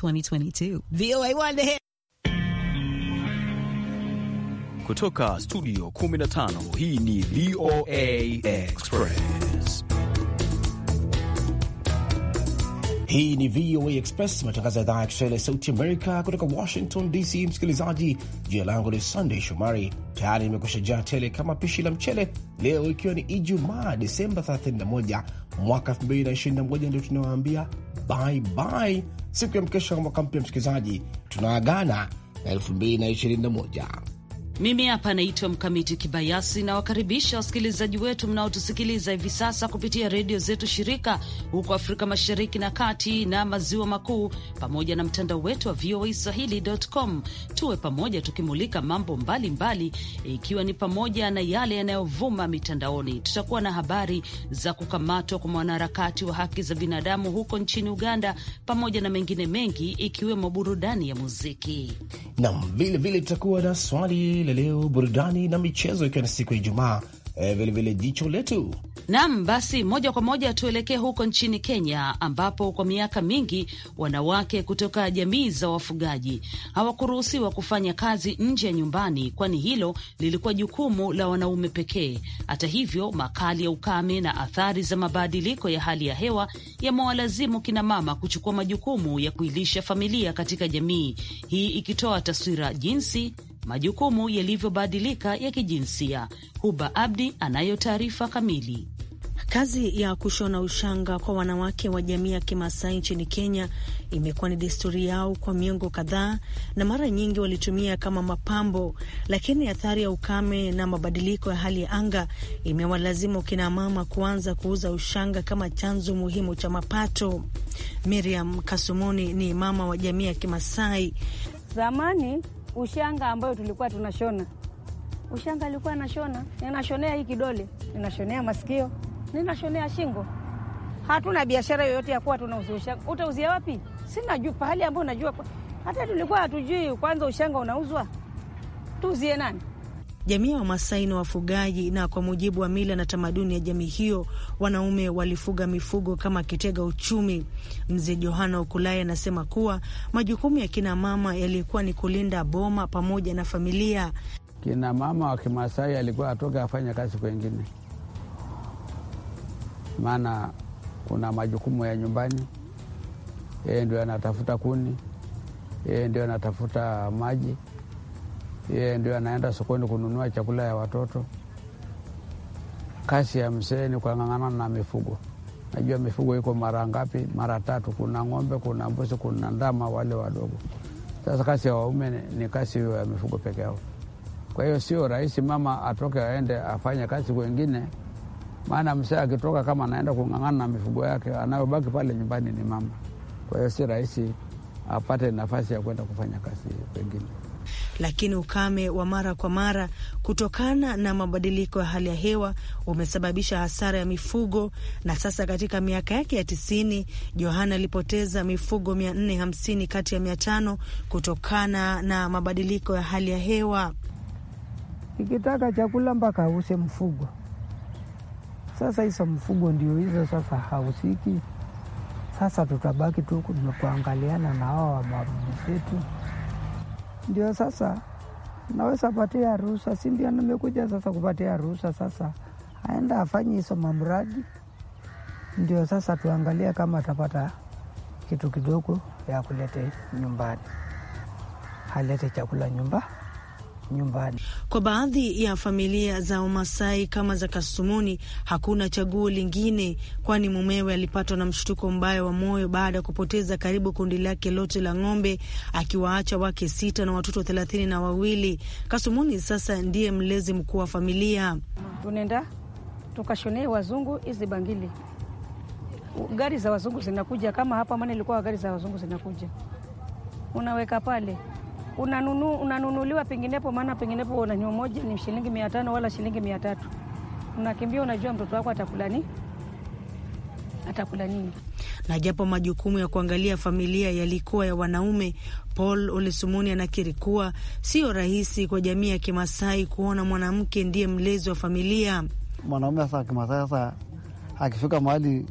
2022. VOA Wanda hit. Kutoka studio 15 hii ni VOA Express. Hii ni VOA Express, matangazo ya idhaa ya Kiswahili ya sauti Amerika kutoka Washington DC. Msikilizaji, jina langu ni Sunday Shomari, tayari nimekusha jaa tele kama pishi la mchele, leo ikiwa ni Ijumaa Desemba 31 mwaka 2021 ndio tunawaambia bye bye. Siku ya mkesha wa mwaka mpya, msikilizaji, tunaagana na 2021. Mimi hapa naitwa Mkamiti Kibayasi, nawakaribisha wasikilizaji wetu mnaotusikiliza hivi sasa kupitia redio zetu shirika huko Afrika Mashariki na Kati na Maziwa Makuu, pamoja na mtandao wetu wa VOA Swahili.com. Tuwe pamoja tukimulika mambo mbalimbali, ikiwa ni pamoja na yale yanayovuma mitandaoni. Tutakuwa na habari za kukamatwa kwa mwanaharakati wa haki za binadamu huko nchini Uganda, pamoja na mengine mengi, ikiwemo burudani ya muziki. Naam, vilevile tutakuwa na swali vile leo, burudani na michezo, ikiwa ni siku ya Ijumaa vilevile eh, jicho letu nam. Basi moja kwa moja tuelekee huko nchini Kenya, ambapo kwa miaka mingi wanawake kutoka jamii za wafugaji hawakuruhusiwa kufanya kazi nje ya nyumbani, kwani hilo lilikuwa jukumu la wanaume pekee. Hata hivyo, makali ya ukame na athari za mabadiliko ya hali ya hewa yamewalazimu kinamama kuchukua majukumu ya kuilisha familia katika jamii hii, ikitoa taswira jinsi majukumu yalivyobadilika ya kijinsia. Huba Abdi anayo taarifa kamili. Kazi ya kushona ushanga kwa wanawake wa jamii ya Kimasai nchini Kenya imekuwa ni desturi yao kwa miongo kadhaa, na mara nyingi walitumia kama mapambo, lakini athari ya ukame na mabadiliko ya hali ya anga imewalazimu kinamama kuanza kuuza ushanga kama chanzo muhimu cha mapato. Miriam Kasumuni ni mama wa jamii ya Kimasai. Zamani ushanga ambayo tulikuwa tunashona. Ushanga alikuwa anashona, ninashonea hii kidole, ninashonea masikio, ninashonea shingo. Hatuna biashara yoyote ya kuwa ushanga. Utauzia wapi? Sina juu pahali ambayo najua hata tulikuwa hatujui kwanza ushanga unauzwa, tuuzie nani? Jamii ya Wamasai ni wafugaji, na kwa mujibu wa mila na tamaduni ya jamii hiyo, wanaume walifuga mifugo kama kitega uchumi. Mzee Johana Ukulai anasema kuwa majukumu ya kinamama yalikuwa ni kulinda boma pamoja na familia. Kinamama wa Kimasai alikuwa atoke afanya kazi kwengine, maana kuna majukumu ya nyumbani. Yeye ndio anatafuta kuni, yeye ndio anatafuta maji yeye ndio anaenda sokoni kununua chakula ya watoto. Kasi ya mzee ni kung'ang'ana na mifugo. Najua mifugo iko mara ngapi? Mara tatu. Kuna ng'ombe, kuna mbuzi, kuna ndama wale wadogo. Sasa kasi ya waume ni kasi ya mifugo peke yao. Kwa hiyo sio rahisi mama atoke aende afanye kazi kwengine, maana mzee akitoka kama anaenda kung'ang'ana na mifugo yake, anayobaki pale nyumbani ni mama. Kwa hiyo si rahisi apate nafasi ya kwenda kufanya kazi kwengine lakini ukame wa mara kwa mara kutokana na mabadiliko ya hali ya hewa umesababisha hasara ya mifugo, na sasa katika miaka yake ya tisini Johana alipoteza mifugo mia nne hamsini kati ya mia tano kutokana na mabadiliko ya hali ya hewa. Ikitaka chakula mpaka ause mfugo. Sasa hizo mfugo ndio hizo sasa hausiki. Sasa tutabaki tu kuangaliana na hawa wababu zetu ndio sasa naweza patia ruhusa, si ndio? Nimekuja sasa kupatia ruhusa, sasa aenda afanye hizo mamradi, ndio sasa tuangalie kama atapata kitu kidogo ya kulete nyumbani, alete chakula nyumba nyumbani. Kwa baadhi ya familia za Wamasai kama za Kasumuni, hakuna chaguo lingine, kwani mumewe alipatwa na mshtuko mbaya wa moyo baada ya kupoteza karibu kundi lake lote la ng'ombe, akiwaacha wake sita na watoto thelathini na wawili. Kasumuni sasa ndiye mlezi mkuu wa familia. Tunaenda tukashonee wazungu hizi bangili gari za wazungu zinakuja kama hapa, maana ilikuwa gari za wazungu zinakuja, unaweka pale unanunu, unanunuliwa penginepo, maana penginepo na nyumba moja ni shilingi mia tano wala shilingi mia tatu Unakimbia, unajua mtoto wako atakula nini, atakula nini. Na japo majukumu ya kuangalia familia yalikuwa ya wanaume, Paul Olesumuni anakiri kuwa sio rahisi kwa jamii ya Kimasai kuona mwanamke ndiye mlezi wa familia. Mwanaume sasa Kimasai sasa akifika mahali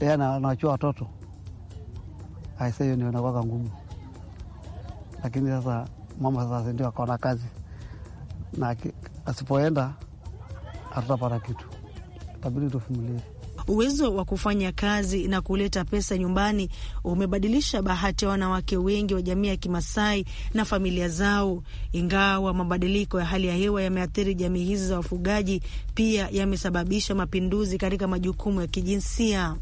yeye anawachua watoto, aisee, hiyo ndio inakuwa ngumu lakini sasa mama sasa ndio akaona kazi na asipoenda hatutapata kitu, tabidi tuvumilie. Uwezo wa kufanya kazi na kuleta pesa nyumbani umebadilisha bahati ya wanawake wengi wa jamii ya Kimasai na familia zao. Ingawa mabadiliko ya hali ya hewa yameathiri jamii hizi za wafugaji, pia yamesababisha mapinduzi katika majukumu ya kijinsia.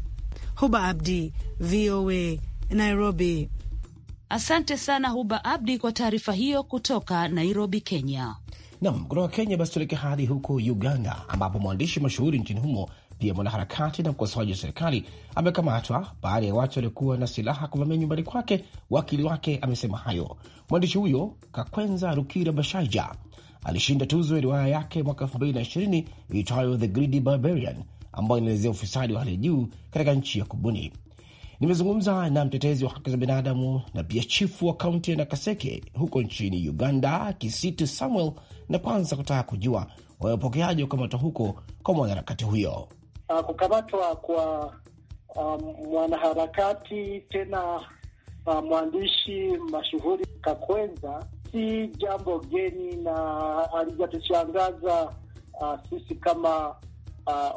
Hoba Abdi, VOA, Nairobi. Asante sana Huba Abdi kwa taarifa hiyo kutoka Nairobi, Kenya. Nam, kutoka Kenya basi tuelekea hadi huko Uganda, ambapo mwandishi mashuhuri nchini humo pia mwanaharakati na mkosoaji wa serikali amekamatwa baada ya watu waliokuwa na silaha kuvamia nyumbani kwake. Wakili wake amesema hayo. Mwandishi huyo Kakwenza Rukira Bashaija alishinda tuzo ya riwaya yake mwaka 2020 iitwayo The Greedy Barbarian, ambayo inaelezea ufisadi wa hali ya juu katika nchi ya kubuni. Nimezungumza na mtetezi wa haki za binadamu na pia chifu wa kaunti ya Nakaseke huko nchini Uganda, Kisitu Samuel, na kwanza kutaka kujua wamepokeaji kukamatwa huko kwa mwanaharakati huyo. Uh, kukamatwa kwa um, mwanaharakati tena uh, mwandishi mashuhuri Kakwenza si jambo geni na alijatushangaza uh, ah, sisi kama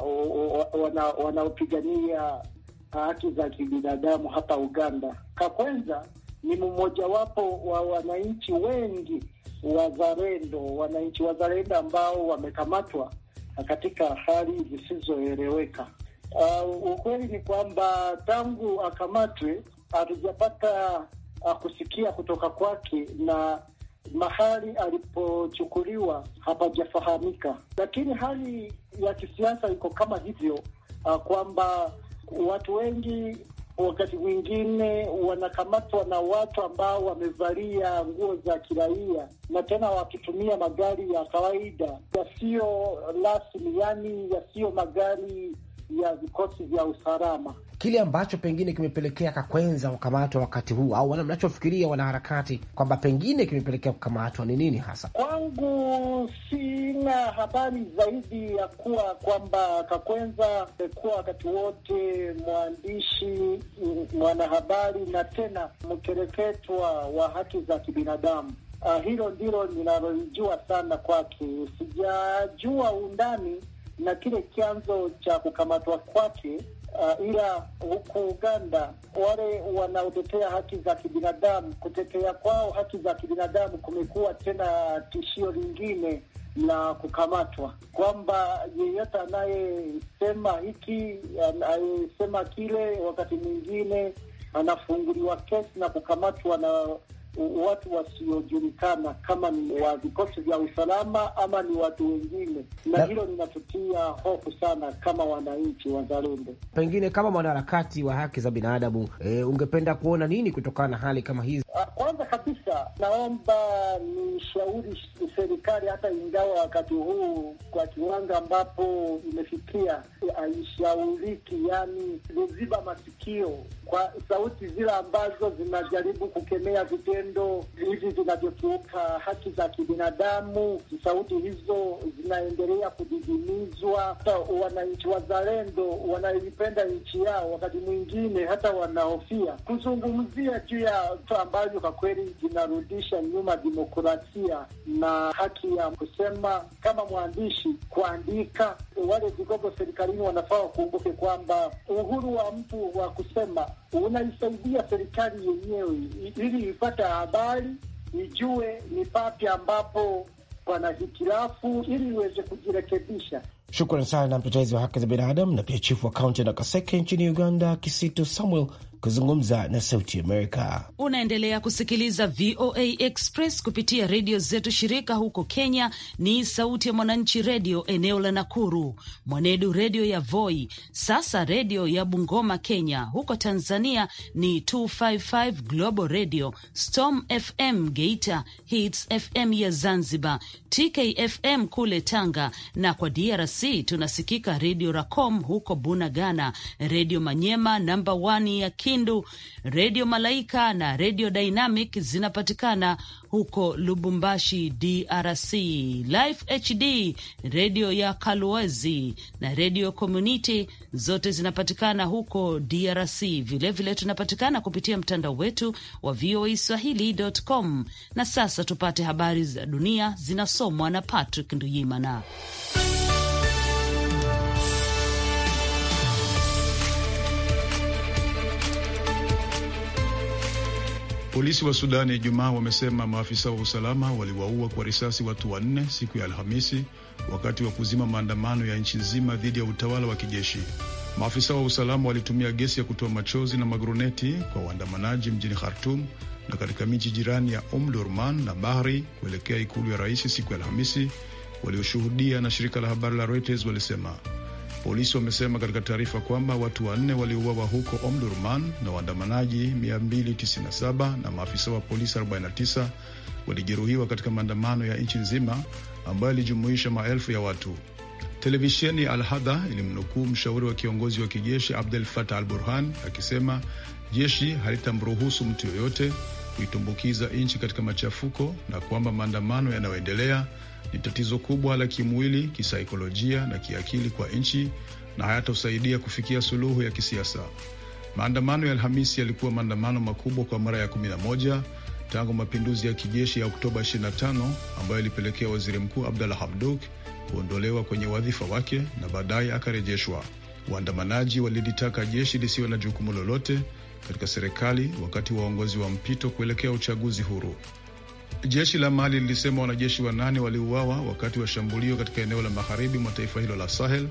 uh, wanaopigania haki za kibinadamu hapa Uganda. Kakwenza ni mmojawapo wa wananchi wengi wazalendo, wananchi wazalendo ambao wamekamatwa katika hali zisizoeleweka. Uh, ukweli ni kwamba tangu akamatwe alijapata uh, kusikia kutoka kwake na mahali alipochukuliwa hapajafahamika, lakini hali ya kisiasa iko kama hivyo uh, kwamba watu wengi wakati mwingine wanakamatwa na watu ambao wamevalia nguo za kiraia na tena wakitumia magari ya kawaida yasiyo rasmi, yani yasiyo magari ya vikosi vya usalama. Kile ambacho pengine kimepelekea Kakwenza kukamatwa wakati huu, au wana mnachofikiria wanaharakati kwamba pengine kimepelekea kukamatwa ni nini hasa? Kwangu sina habari zaidi ya kuwa kwamba Kakwenza amekuwa wakati wote mwandishi, mwanahabari na tena mkereketwa wa haki za kibinadamu. Uh, hilo ndilo ninalolijua sana kwake. Sijajua undani na kile chanzo cha kukamatwa kwake. Uh, ila huku Uganda wale wanaotetea haki za kibinadamu, kutetea kwao haki za kibinadamu kumekuwa tena tishio lingine la kukamatwa, kwamba yeyote anayesema hiki anayesema kile, wakati mwingine anafunguliwa kesi na kukamatwa na watu wasiojulikana kama ni wa vikosi vya usalama ama ni watu wengine, na hilo linatutia hofu sana kama wananchi wazalendo. Pengine kama mwanaharakati wa haki za binadamu e, ungependa kuona nini kutokana na hali kama hizi? Ah, kwanza kabisa, naomba ni shauri serikali, hata ingawa wakati huu kwa kiwango ambapo imefikia haishauriki, yani kuziba masikio kwa sauti zile ambazo zinajaribu kukemea vitendo vitendo hivi vinavyokiuka haki za kibinadamu, sauti hizo zinaendelea kudidimizwa. Hata wananchi wazalendo wanaipenda nchi yao, wakati mwingine hata wanahofia kuzungumzia juu ya vitu ambavyo kwa kweli vinarudisha nyuma demokrasia na haki ya kusema kama mwandishi kuandika. Wale vigogo serikalini wanafaa wakumbuke kwamba uhuru wa mtu wa kusema unaisaidia serikali yenyewe ili ipate habari, ijue ni papi ambapo pana hitilafu ili iweze kujirekebisha. Shukrani sana mtetezi wa haki za binadamu na pia chifu wa kaunti ya Nakaseke nchini Uganda, Kisitu Samuel kuzungumza na Sauti Amerika. Unaendelea kusikiliza VOA Express kupitia redio zetu shirika huko Kenya ni Sauti ya Mwananchi redio eneo la Nakuru, Mwanedu redio ya Voi, sasa redio ya Bungoma Kenya. Huko Tanzania ni 255 Global Radio, Storm FM Geita, Hits FM ya Zanzibar, TKFM kule Tanga, na kwa DRC tunasikika redio Racom huko Bunagana, redio Manyema namba 1 ya Kenya, Kindu, Redio Malaika na Redio Dynamic zinapatikana huko Lubumbashi, DRC, Life HD, redio ya kaluezi na Redio Community zote zinapatikana huko DRC. Vilevile vile tunapatikana kupitia mtandao wetu wa VOA e Swahili.com. Na sasa tupate habari za dunia zinasomwa na Patrick Nduyimana. Polisi wa Sudani Ijumaa wamesema maafisa wa usalama waliwaua kwa risasi watu wanne siku ya Alhamisi wakati wa kuzima maandamano ya nchi nzima dhidi ya utawala wa kijeshi. Maafisa wa usalama walitumia gesi ya kutoa machozi na magroneti kwa waandamanaji mjini Khartum na katika miji jirani ya Omdurman umm na Bahri kuelekea ikulu ya rais siku ya Alhamisi, walioshuhudia na shirika la habari la Reuters walisema Polisi wamesema katika taarifa kwamba watu wanne waliuawa huko Omdurman na waandamanaji 297 na maafisa wa polisi 49 walijeruhiwa katika maandamano ya nchi nzima ambayo ilijumuisha maelfu ya watu. Televisheni ya Alhadha ilimnukuu mshauri wa kiongozi wa kijeshi Abdel Fatah Al Burhan akisema jeshi halitamruhusu mtu yoyote kuitumbukiza nchi katika machafuko na kwamba maandamano yanayoendelea ni tatizo kubwa la kimwili, kisaikolojia na kiakili kwa nchi na hayatosaidia kufikia suluhu ya kisiasa. Maandamano ya Alhamisi yalikuwa maandamano makubwa kwa mara ya 11 tangu mapinduzi ya kijeshi ya Oktoba 25 ambayo ilipelekea waziri mkuu Abdalla Hamdok kuondolewa kwenye wadhifa wake na baadaye akarejeshwa. Waandamanaji walilitaka jeshi lisiwe na jukumu lolote katika serikali wakati wa uongozi wa mpito kuelekea uchaguzi huru. Jeshi la Mali lilisema wanajeshi wanane waliuawa wakati wa shambulio katika eneo la magharibi mwa taifa hilo la Sahel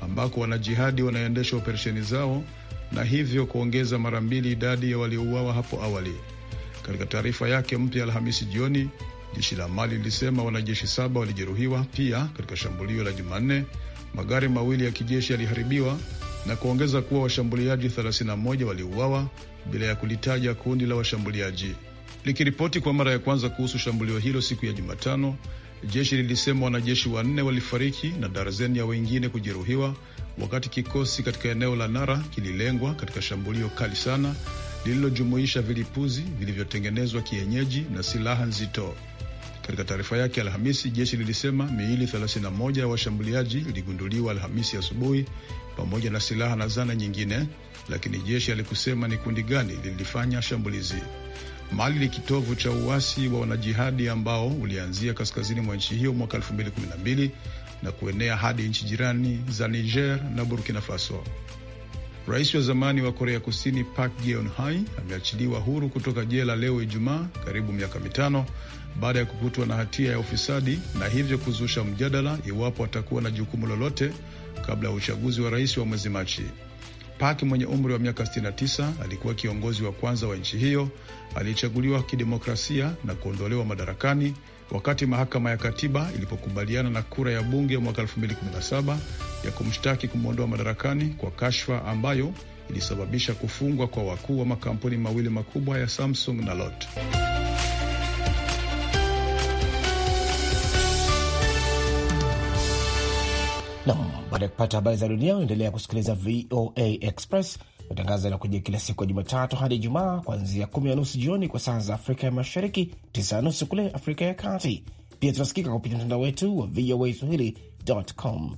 ambako wanajihadi wanaendesha operesheni zao na hivyo kuongeza mara mbili idadi ya waliouawa hapo awali. Katika taarifa yake mpya Alhamisi jioni, jeshi la Mali lilisema wanajeshi saba walijeruhiwa pia katika shambulio la Jumanne. Magari mawili ya kijeshi yaliharibiwa na kuongeza kuwa washambuliaji 31 waliuawa bila ya kulitaja kundi la washambuliaji likiripoti kwa mara ya kwanza kuhusu shambulio hilo siku ya Jumatano. Jeshi lilisema wanajeshi wanne walifariki na darzeni ya wengine kujeruhiwa wakati kikosi katika eneo la Nara kililengwa katika shambulio kali sana lililojumuisha vilipuzi vilivyotengenezwa kienyeji na silaha nzito. Katika taarifa yake Alhamisi, jeshi lilisema miili 31 ya washambuliaji iligunduliwa Alhamisi asubuhi pamoja na silaha na zana nyingine, lakini jeshi alikusema ni kundi gani lilifanya shambulizi. Mali ni kitovu cha uasi wa wanajihadi ambao ulianzia kaskazini mwa nchi hiyo mwaka 2012 na kuenea hadi nchi jirani za Niger na Burkina Faso. Rais wa zamani wa Korea Kusini Park Geun-hye ameachiliwa huru kutoka jela leo Ijumaa, karibu miaka mitano baada ya kukutwa na hatia ya ufisadi na hivyo kuzusha mjadala iwapo atakuwa na jukumu lolote kabla ya uchaguzi wa rais wa mwezi Machi. Park mwenye umri wa miaka 69 alikuwa kiongozi wa kwanza wa nchi hiyo aliyechaguliwa kidemokrasia na kuondolewa madarakani wakati mahakama ya katiba ilipokubaliana na kura ya bunge mwaka 2017 ya kumshtaki kumwondoa madarakani kwa kashfa ambayo ilisababisha kufungwa kwa wakuu wa makampuni mawili makubwa ya Samsung na Lot. Nam, baada ya kupata habari za dunia, unaendelea kusikiliza VOA Express, matangazo yanakuja kila siku ya Jumatatu hadi Ijumaa, kuanzia kumi na nusu jioni kwa saa za Afrika ya Mashariki, tisa na nusu kule Afrika ya Kati. Pia tunasikika kupitia mtandao wetu wa VOA Swahili.com.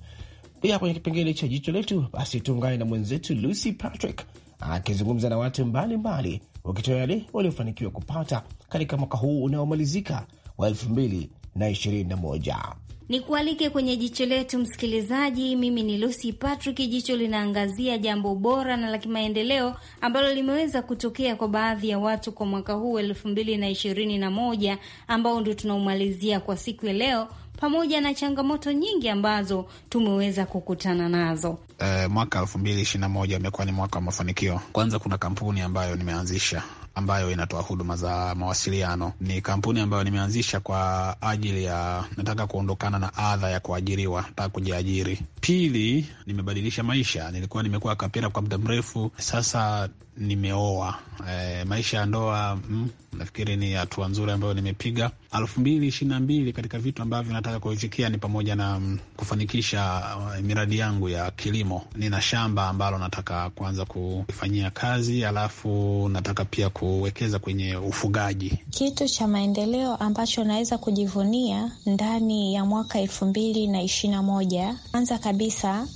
Pia kwenye kipengele cha jicho letu, basi tuungane na mwenzetu Lucy Patrick akizungumza na watu mbalimbali, wakitoa yale waliofanikiwa kupata katika mwaka huu unaomalizika wa 2021. Ni kualike kwenye jicho letu msikilizaji. Mimi ni Lucy Patrick. Jicho linaangazia jambo bora na la kimaendeleo ambalo limeweza kutokea kwa baadhi ya watu kwa mwaka huu elfu mbili na ishirini na moja ambao ndio tunaumalizia kwa siku ya leo, pamoja na changamoto nyingi ambazo tumeweza kukutana nazo. E, mwaka elfu mbili ishirini na moja umekuwa ni mwaka wa mafanikio. Kwanza kuna kampuni ambayo nimeanzisha ambayo inatoa huduma za mawasiliano. Ni kampuni ambayo nimeanzisha kwa ajili ya nataka kuondokana na adha ya kuajiriwa, nataka kujiajiri. Pili, nimebadilisha maisha. Nilikuwa nimekuwa kapera kwa muda mrefu, sasa nimeoa. E, maisha ya ndoa mm, nafikiri ni hatua nzuri ambayo nimepiga elfu mbili ishirini na mbili. Katika vitu ambavyo nataka kuvifikia ni pamoja na mm, kufanikisha uh, miradi yangu ya kilimo. Nina shamba ambalo nataka kuanza kufanyia kazi, alafu nataka pia kuwekeza kwenye ufugaji. Kitu cha maendeleo ambacho naweza kujivunia ndani ya mwaka elfu mbili na ishirini na moja, kwanza kabisa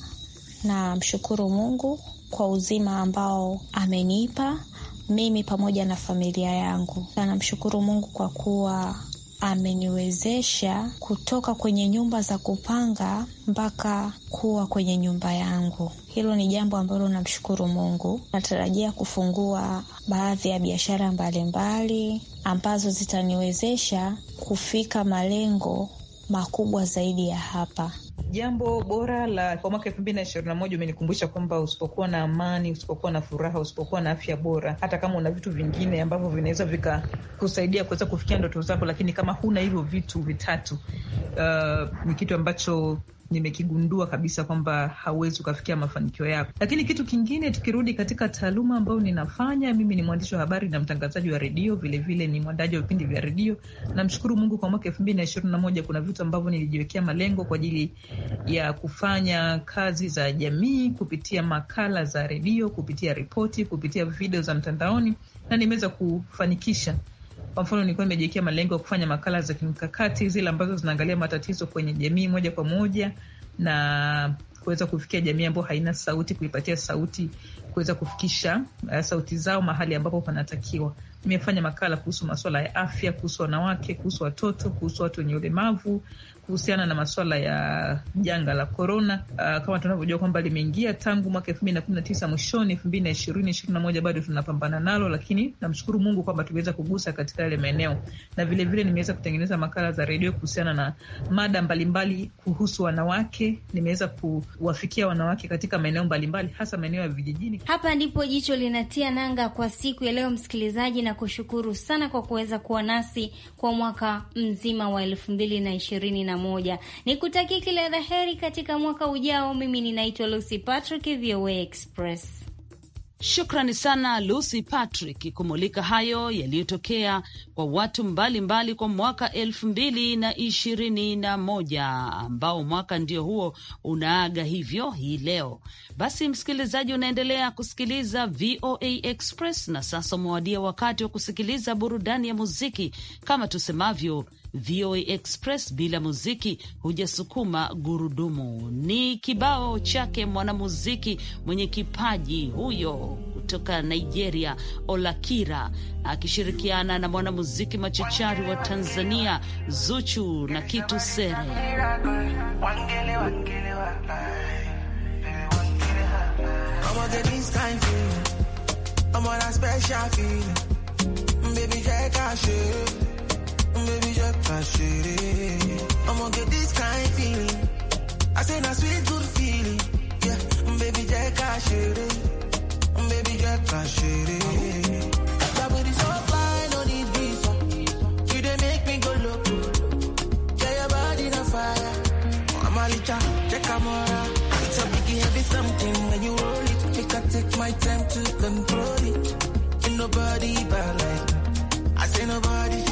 namshukuru Mungu kwa uzima ambao amenipa mimi pamoja na familia yangu. Namshukuru Mungu kwa kuwa ameniwezesha kutoka kwenye nyumba za kupanga mpaka kuwa kwenye nyumba yangu. Hilo ni jambo ambalo namshukuru Mungu. Natarajia kufungua baadhi ya biashara mbalimbali ambazo zitaniwezesha kufika malengo makubwa zaidi ya hapa jambo bora la kwa mwaka elfu mbili na ishirini na moja umenikumbusha kwamba usipokuwa na amani, usipokuwa na furaha, usipokuwa na afya bora, hata kama una vitu vingine ambavyo vinaweza vikakusaidia kuweza kufikia ndoto zako, lakini kama huna hivyo vitu vitatu, uh, ni kitu ambacho nimekigundua kabisa kwamba hauwezi ukafikia mafanikio yako. Lakini kitu kingine, tukirudi katika taaluma ambayo ninafanya mimi, ni mwandishi wa habari na mtangazaji wa redio, vilevile ni mwandaji wa vipindi vya redio. Namshukuru Mungu kwa mwaka elfu mbili na ishirini na moja kuna vitu ambavyo nilijiwekea malengo kwa ajili ya kufanya kazi za jamii kupitia makala za redio, kupitia ripoti, kupitia video za mtandaoni na nimeweza kufanikisha kwa mfano, nilikuwa nimejiwekea malengo ya kufanya makala za kimkakati zile ambazo zinaangalia matatizo kwenye jamii moja kwa moja na kuweza kufikia jamii ambayo haina sauti, kuipatia sauti, kuweza kufikisha uh, sauti zao mahali ambapo panatakiwa. Nimefanya makala kuhusu masuala ya afya, kuhusu wanawake, kuhusu watoto, kuhusu watu wenye ulemavu kuhusiana na maswala ya janga la korona. Uh, ah, kama tunavyojua kwamba limeingia tangu mwaka elfu mbili na kumi na tisa mwishoni, elfu mbili na ishirini ishirini na moja bado tunapambana nalo, lakini namshukuru Mungu kwamba tuliweza kugusa katika yale maeneo, na vilevile nimeweza kutengeneza makala za redio kuhusiana na mada mbalimbali mbali kuhusu wanawake. Nimeweza kuwafikia wanawake katika maeneo mbalimbali, hasa maeneo ya vijijini. Hapa ndipo jicho linatia nanga kwa siku ya leo, msikilizaji, na kushukuru sana kwa kuweza kuwa nasi kwa mwaka mzima wa elfu mbili na ishirini na na moja. Nikutakia kila la heri katika mwaka ujao. Mimi ninaitwa Lucy Patrick, VOA Express. Shukrani sana Lucy Patrick kumulika hayo yaliyotokea kwa watu mbalimbali mbali kwa mwaka elfu mbili na ishirini na moja ambao mwaka ndio huo unaaga hivyo hii leo. Basi msikilizaji, unaendelea kusikiliza VOA Express na sasa umewadia wakati wa kusikiliza burudani ya muziki kama tusemavyo VOA Express bila muziki hujasukuma gurudumu. Ni kibao chake mwanamuziki mwenye kipaji huyo kutoka Nigeria, Olakira akishirikiana na mwanamuziki machachari wa Tanzania Zuchu na Kitu Sere. Baby, just pass it. I'ma get this kind of feeling. I say that sweet good feeling. Yeah, baby, just cash it. Baby, just cash it. That booty so fine, no need visa. You they make me go loco. Yeah, your body on fire. Oh, I'm a licha, check a mora. It's a biggie, heavy something. When you roll it, make I take my time to control it. Ain't nobody but like. I say nobody.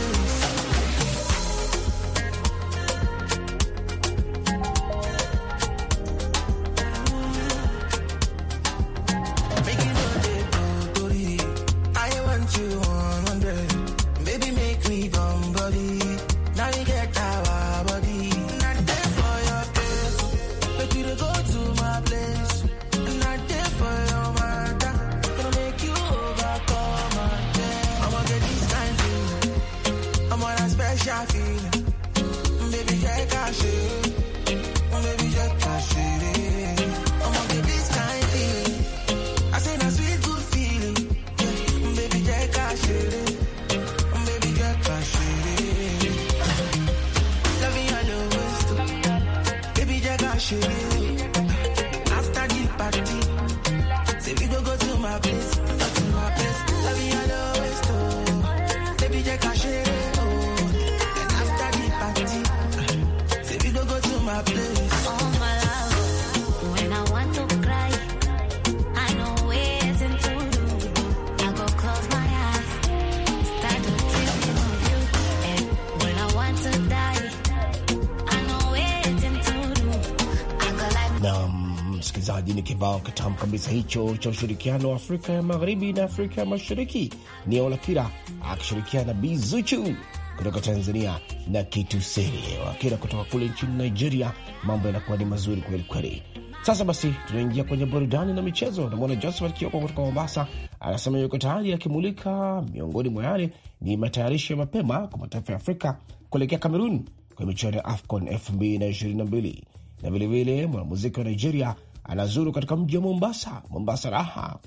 mjini kibao kitamu kabisa hicho cha ushirikiano wa Afrika ya magharibi na Afrika ya mashariki. Ni Olakira akishirikiana na Bizuchu kutoka Tanzania na kitu sere Wakira kutoka kule nchini Nigeria. Mambo yanakuwa ni mazuri kweli kweli. Sasa basi, tunaingia kwenye burudani na michezo. Namwona Josephat Kioko kutoka Mombasa anasema yuko tayari, akimulika miongoni mwa yale ni matayarisho ya mapema kwa mataifa ya Afrika kuelekea Kamerun kwenye michuano ya AFCON 2022 na vilevile mwanamuziki wa Nigeria anazuru katika mji wa Mombasa, Mombasa Raha,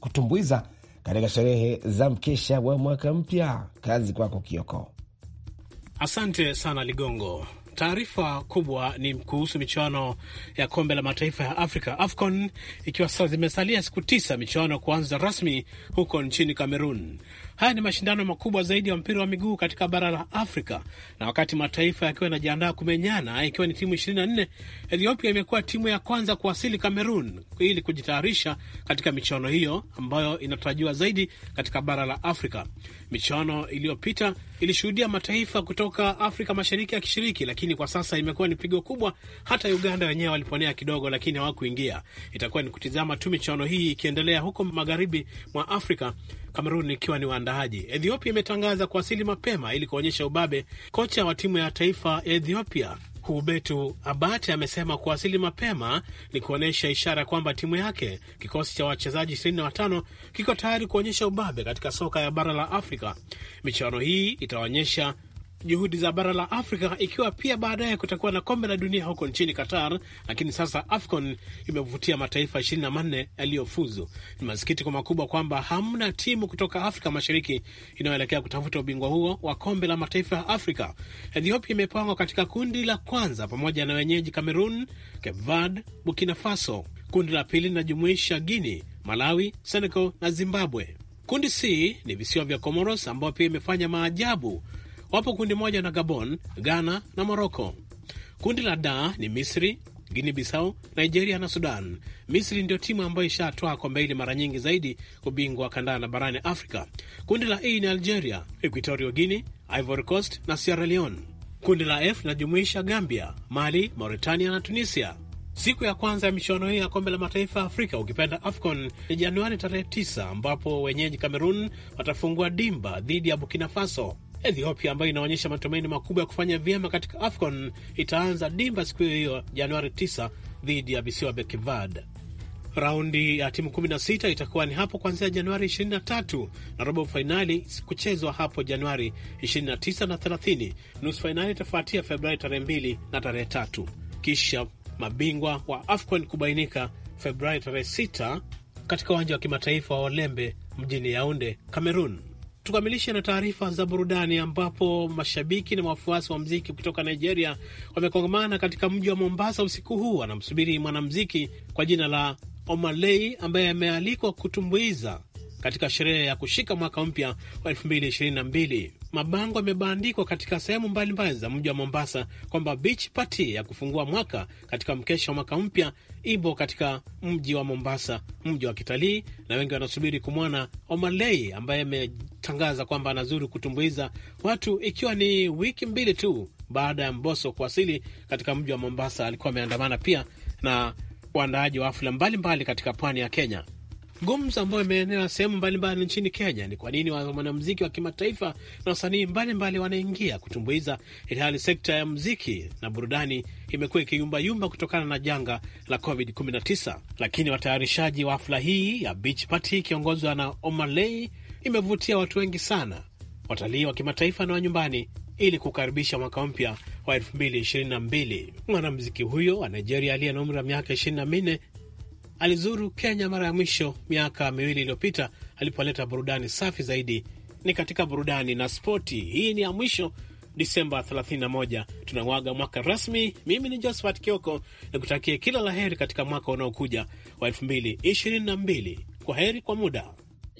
kutumbuiza katika sherehe za mkesha wa mwaka mpya. Kazi kwako Kioko. Asante sana Ligongo. Taarifa kubwa ni kuhusu michuano ya kombe la mataifa ya Afrika, AFCON, ikiwa sasa zimesalia siku tisa michuano kuanza rasmi huko nchini Kamerun. Haya ni mashindano makubwa zaidi ya mpira wa miguu katika bara la Afrika, na wakati mataifa yakiwa yanajiandaa kumenyana, ikiwa ni timu 24, Ethiopia imekuwa timu ya kwanza kuwasili Cameroon ili kujitayarisha katika michuano hiyo ambayo inatarajiwa zaidi katika bara la Afrika. Michuano iliyopita ilishuhudia mataifa kutoka Afrika Mashariki yakishiriki, lakini kwa sasa imekuwa ni pigo kubwa. Hata Uganda wenyewe waliponea kidogo, lakini hawakuingia. Itakuwa ni kutizama tu michuano hii ikiendelea huko magharibi mwa Afrika Kamerun ikiwa ni waandaaji. Ethiopia imetangaza kuwasili mapema ili kuonyesha ubabe. Kocha wa timu ya taifa ya Ethiopia Hubetu Abate amesema kuwasili mapema ni kuonyesha ishara kwamba timu yake, kikosi cha wachezaji 25 kiko tayari kuonyesha ubabe katika soka ya bara la Afrika. Michuano hii itaonyesha juhudi za bara la Afrika, ikiwa pia baadaye kutakuwa na kombe la dunia huko nchini Qatar. Lakini sasa AFCON imevutia mataifa ishirini na manne yaliyofuzu. Ni masikitiko makubwa kwamba hamna timu kutoka Afrika Mashariki inayoelekea kutafuta ubingwa huo wa kombe la mataifa ya Afrika. Ethiopia imepangwa katika kundi la kwanza pamoja na wenyeji Cameroon, Cape Verde, Burkina Faso. Kundi la pili linajumuisha Guinea, Malawi, Senegal na Zimbabwe. Kundi C ni visiwa vya Comoros ambayo pia imefanya maajabu wapo kundi moja na Gabon, Ghana na Moroko. Kundi la da ni Misri, Guini Bisau, Nigeria na Sudan. Misri ndio timu ambayo ishatwa kombe hili mara nyingi zaidi kubingwa kandanda barani Afrika. Kundi la E ni Algeria, equitorio Guinea, Ivory Coast na Sierra Leone. Kundi la F linajumuisha Gambia, Mali, Mauritania na Tunisia. Siku ya kwanza ya michuano hii ya kombe la mataifa ya Afrika ukipenda AFCON ni Januari tarehe 9, ambapo wenyeji Cameroon watafungua dimba dhidi ya Burkina Faso. Ethiopia ambayo inaonyesha matumaini makubwa ya kufanya vyema katika AFCON itaanza dimba siku hiyo hiyo Januari 9 dhidi ya visiwa Bekivad. Raundi ya timu 16 itakuwa ni hapo kuanzia Januari 23 na robo fainali kuchezwa hapo Januari 29 na 30. Nusu fainali itafuatia Februari tarehe 2 na tarehe 3, kisha mabingwa wa AFCON kubainika Februari tarehe 6 katika uwanja wa kimataifa wa Olembe mjini Yaunde, Kamerun. Tukamilishe na taarifa za burudani ambapo mashabiki na wafuasi wa mziki kutoka Nigeria wamekongamana katika mji wa Mombasa usiku huu, wanamsubiri mwanamziki kwa jina la Omalei ambaye amealikwa kutumbuiza katika sherehe ya kushika mwaka mpya wa 2022. Mabango yamebandikwa katika sehemu mbalimbali za mji wa Mombasa kwamba beach party ya kufungua mwaka katika mkesha wa mwaka mpya ipo katika mji wa Mombasa, mji wa kitalii, na wengi wanasubiri kumwona Omalei ambaye ametangaza kwamba anazuru kutumbuiza watu, ikiwa ni wiki mbili tu baada ya Mboso kuwasili katika mji wa Mombasa. Alikuwa ameandamana pia na waandaaji wa hafla mbalimbali katika pwani ya Kenya. Gumzo ambayo imeenea sehemu mbalimbali nchini Kenya ni kwa nini wanamziki wa kimataifa na wasanii mbalimbali wanaingia kutumbuiza, ilhali sekta ya mziki na burudani imekuwa ikiyumbayumba kutokana na janga la COVID-19. Lakini watayarishaji wa hafla hii ya beach party ikiongozwa na Omaley imevutia watu wengi sana, watalii wa kimataifa na wa nyumbani, ili kukaribisha mwaka mpya wa 2022. mwanamziki huyo wa Nigeria aliye na umri wa miaka 24 alizuru Kenya mara ya mwisho miaka miwili iliyopita alipoleta burudani safi zaidi. Ni katika burudani na spoti. Hii ni ya mwisho Disemba 31 tunawaga mwaka rasmi. Mimi ni Josephat Kioko, nikutakie kila la heri katika mwaka unaokuja wa 2022. Kwa heri kwa muda.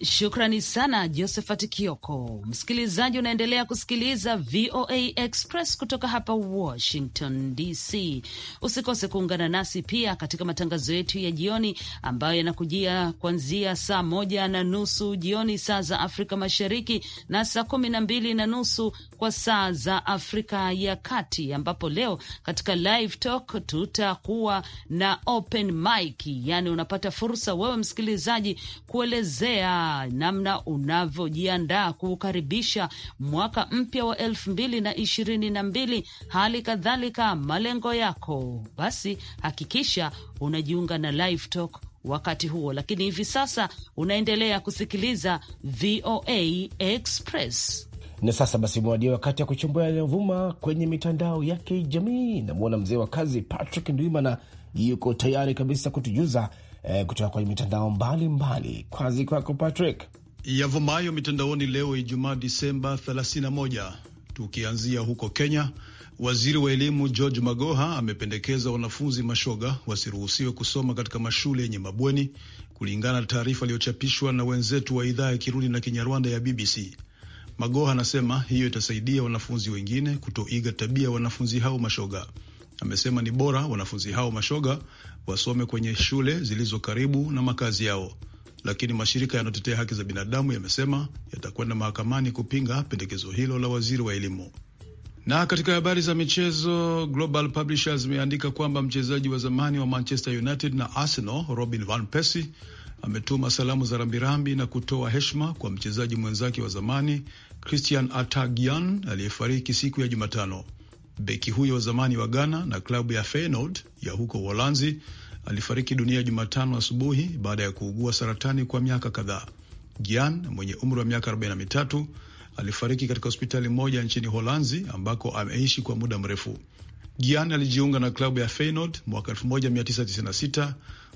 Shukrani sana Josephat Kioko. Msikilizaji, unaendelea kusikiliza VOA Express kutoka hapa Washington DC. Usikose kuungana nasi pia katika matangazo yetu ya jioni ambayo yanakujia kuanzia saa moja na nusu jioni saa za Afrika Mashariki na saa kumi na mbili na nusu kwa saa za Afrika ya Kati, ambapo leo katika Live Talk tutakuwa na open mic, yani unapata fursa wewe msikilizaji kuelezea namna unavyojiandaa kuukaribisha mwaka mpya wa elfu mbili na ishirini na mbili, hali kadhalika malengo yako. Basi hakikisha unajiunga na Live Talk wakati huo, lakini hivi sasa unaendelea kusikiliza VOA Express na sasa basi mwadia wakati ya kuchambua yanayovuma kwenye mitandao ya kijamii. Namwona mzee wa kazi Patrick Ndwimana yuko tayari kabisa kutujuza eh, kutoka kwenye mitandao mbalimbali. Kazi kwako Patrick. Yavumayo mitandaoni leo Ijumaa Disemba 31, tukianzia huko Kenya. Waziri wa elimu George Magoha amependekeza wanafunzi mashoga wasiruhusiwe kusoma katika mashule yenye mabweni, kulingana na taarifa iliyochapishwa na wenzetu wa idhaa ya Kirundi na Kinyarwanda ya BBC. Magoha anasema hiyo itasaidia wanafunzi wengine kutoiga tabia ya wanafunzi hao mashoga amesema ni bora wanafunzi hao mashoga wasome kwenye shule zilizo karibu na makazi yao, lakini mashirika yanayotetea haki za binadamu yamesema yatakwenda mahakamani kupinga pendekezo hilo la waziri wa elimu. Na katika habari za michezo, Global Publishers imeandika kwamba mchezaji wa zamani wa Manchester United na Arsenal Robin van Persie ametuma salamu za rambirambi na kutoa heshima kwa mchezaji mwenzake wa zamani Christian Atagian aliyefariki siku ya Jumatano. Beki huyo wa zamani wa Ghana na klabu ya Feyenoord ya huko Uholanzi alifariki dunia Jumatano asubuhi baada ya kuugua saratani kwa miaka kadhaa. Gian mwenye umri wa miaka 43 alifariki katika hospitali moja nchini Holanzi ambako ameishi kwa muda mrefu. Gian alijiunga na klabu ya Feyenoord mwaka 1996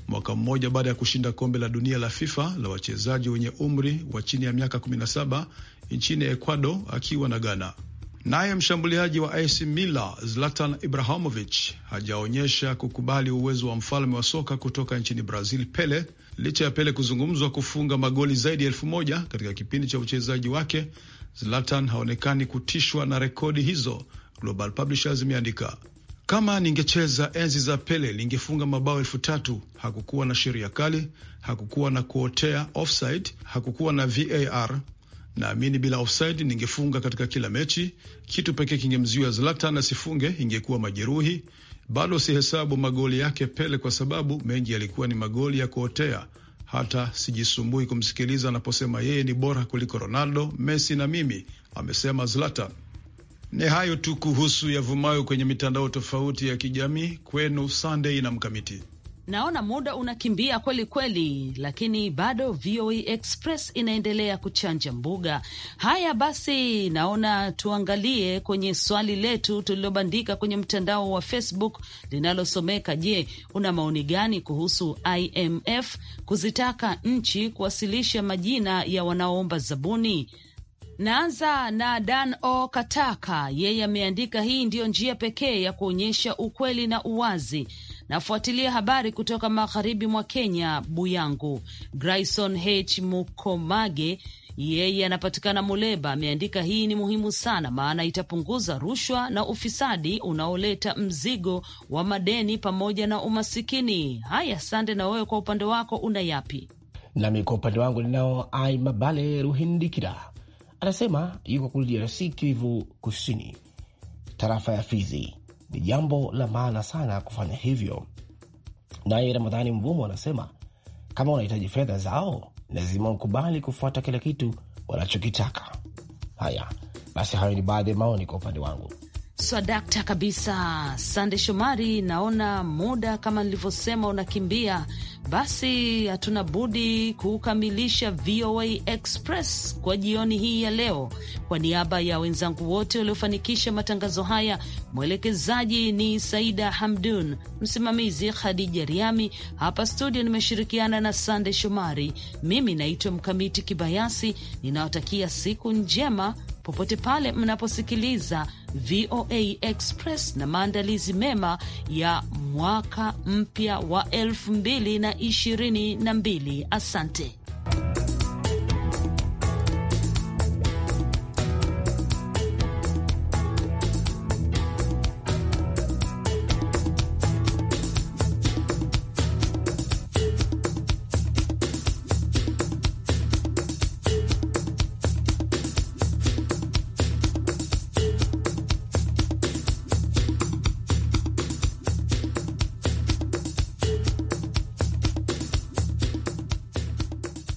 mwaka mmoja baada ya kushinda kombe la dunia la FIFA la wachezaji wenye umri wa chini ya miaka 17 nchini Ecuador akiwa na Ghana. Naye mshambuliaji wa AC Milan Zlatan Ibrahimovic hajaonyesha kukubali uwezo wa mfalme wa soka kutoka nchini Brazil Pele, licha ya Pele kuzungumzwa kufunga magoli zaidi ya elfu moja katika kipindi cha uchezaji wake. Zlatan haonekani kutishwa na rekodi hizo, Global Publishers imeandika. Kama ningecheza enzi za Pele ningefunga mabao elfu tatu. Hakukuwa na sheria kali, hakukuwa na kuotea offside, hakukuwa na VAR. Naamini bila offside ningefunga katika kila mechi. Kitu pekee kingemzuia Zlatan asifunge ingekuwa majeruhi. Bado sihesabu magoli yake Pele kwa sababu mengi yalikuwa ni magoli ya kuotea. Hata sijisumbui kumsikiliza anaposema yeye ni bora kuliko Ronaldo, Messi na mimi, amesema Zlatan. Ni hayo tu kuhusu yavumayo kwenye mitandao tofauti ya kijamii. Kwenu Sunday na Mkamiti. Naona muda unakimbia kweli kweli, lakini bado VOA Express inaendelea kuchanja mbuga. Haya basi, naona tuangalie kwenye swali letu tulilobandika kwenye mtandao wa Facebook linalosomeka: Je, una maoni gani kuhusu IMF kuzitaka nchi kuwasilisha majina ya wanaoomba zabuni? Naanza na Dan O Kataka, yeye ameandika, hii ndiyo njia pekee ya kuonyesha ukweli na uwazi Nafuatilia habari kutoka magharibi mwa Kenya. Buyangu Grison H Mukomage yeye anapatikana Muleba, ameandika hii ni muhimu sana, maana itapunguza rushwa na ufisadi unaoleta mzigo wa madeni pamoja na umasikini. Haya, sande. Na wewe kwa upande wako una yapi? Nami kwa upande wangu ninao ai Mabale Ruhindikira, anasema yuko kule DRC, Kivu Kusini, tarafa ya Fizi. Ni jambo la maana sana kufanya hivyo. Naye Ramadhani Mvumo anasema kama unahitaji fedha zao, lazima ukubali kufuata kila kitu wanachokitaka. Haya basi, hayo ni baadhi ya maoni kwa upande wangu. Swadakta kabisa. Sande Shomari, naona muda kama nilivyosema unakimbia, basi hatuna budi kukamilisha VOA Express kwa jioni hii ya leo. Kwa niaba ya wenzangu wote waliofanikisha matangazo haya, mwelekezaji ni Saida Hamdun, msimamizi Khadija Riami, hapa studio nimeshirikiana na Sande Shomari. Mimi naitwa Mkamiti Kibayasi, ninawatakia siku njema popote pale mnaposikiliza VOA Express na maandalizi mema ya mwaka mpya wa elfu mbili na ishirini na mbili. Asante.